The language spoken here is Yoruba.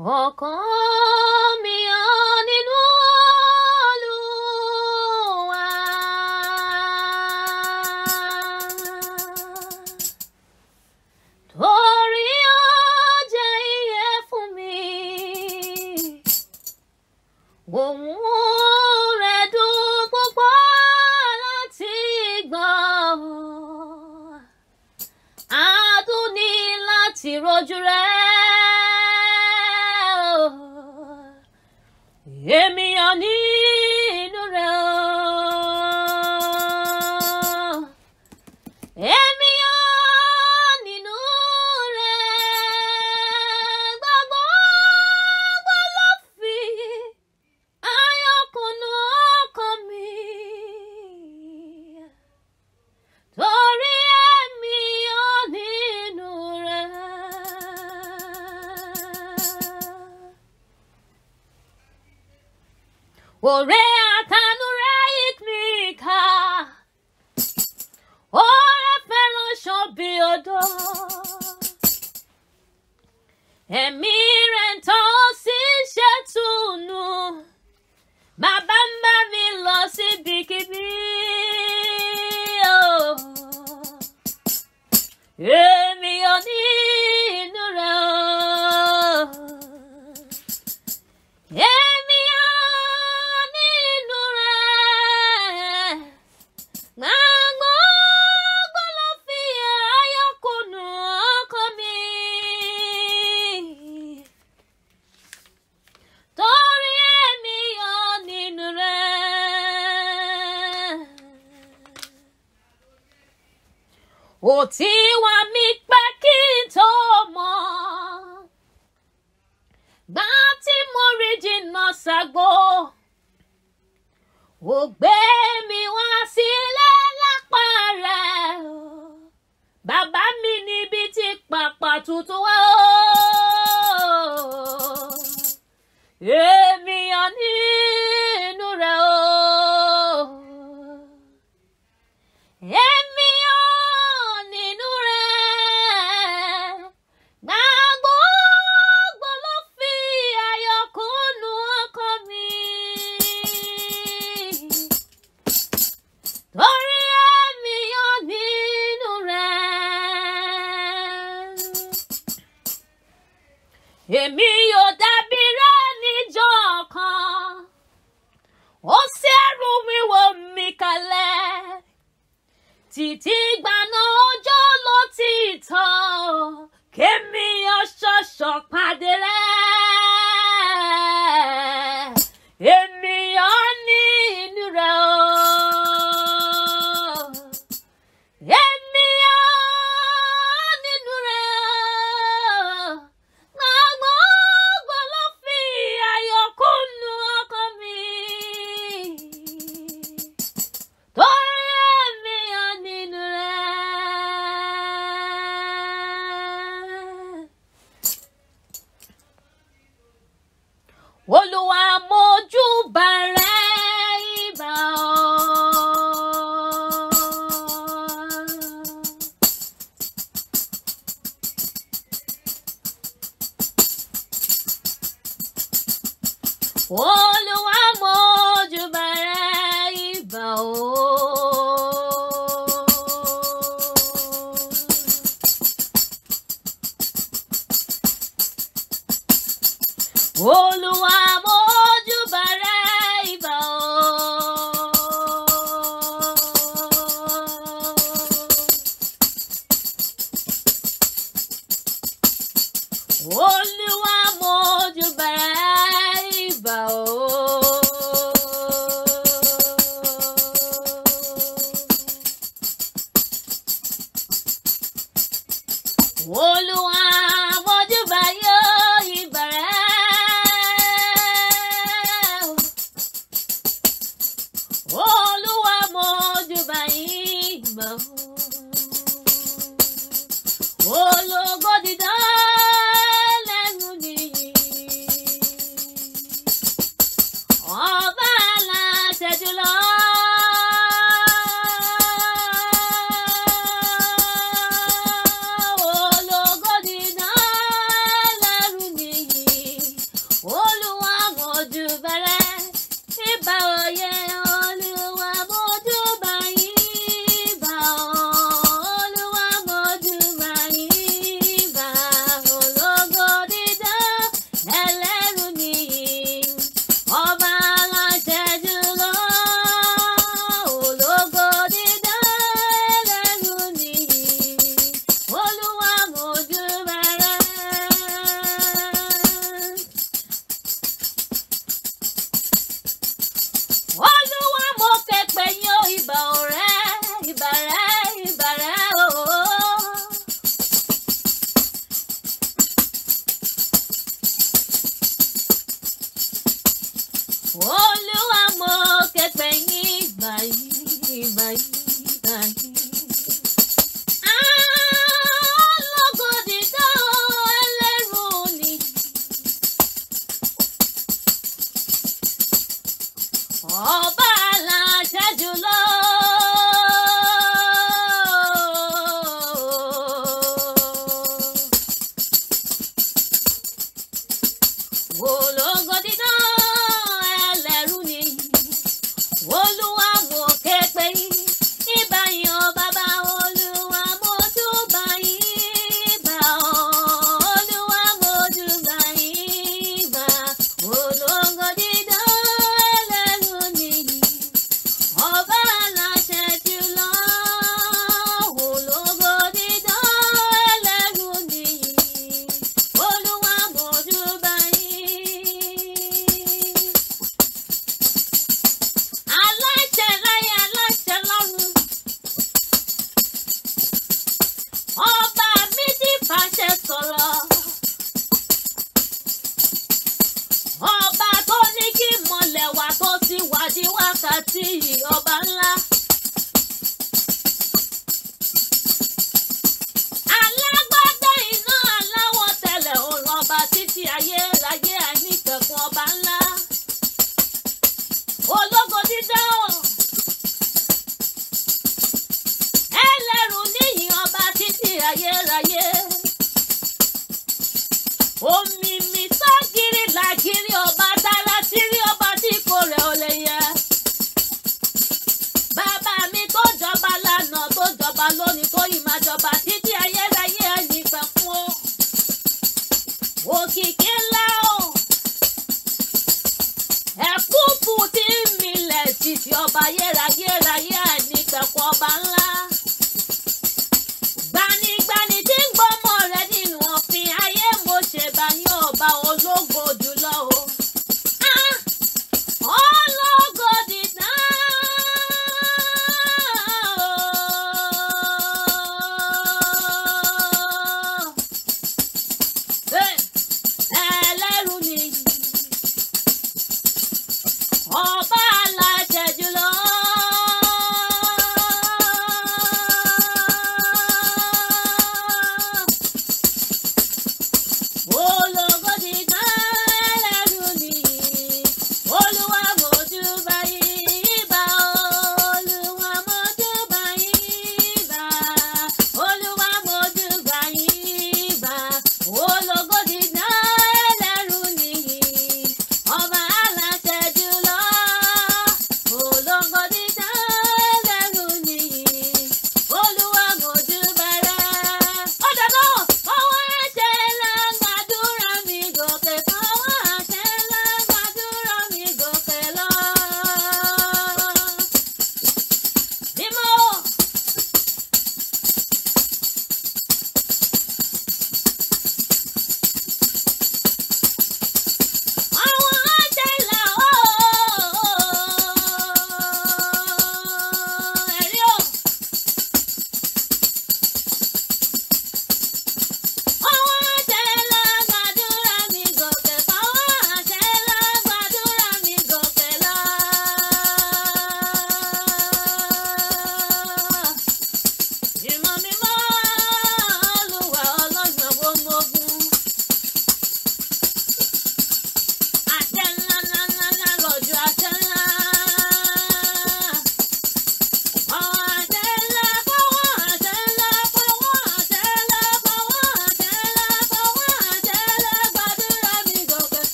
おこ Orea Tanureikmika. Ora fellowship be odo. Ẹ̀mí rẹ̀ ń tọ́ sí ṣẹ́tùnú. Bàbá ń bá kò tí wá mí pẹ́ kí n tó mọ̀. gbà tí mo rí jìnnà ságbó ò gbé mi wá sílé lápá rẹ̀ bàbá mi níbi tí pàpà tuntun wá. títí gbaná ọjọ́ ló ti tàn kémi ọ̀ṣọ̀ṣọ̀ pàdé rẹ̀. Olúwa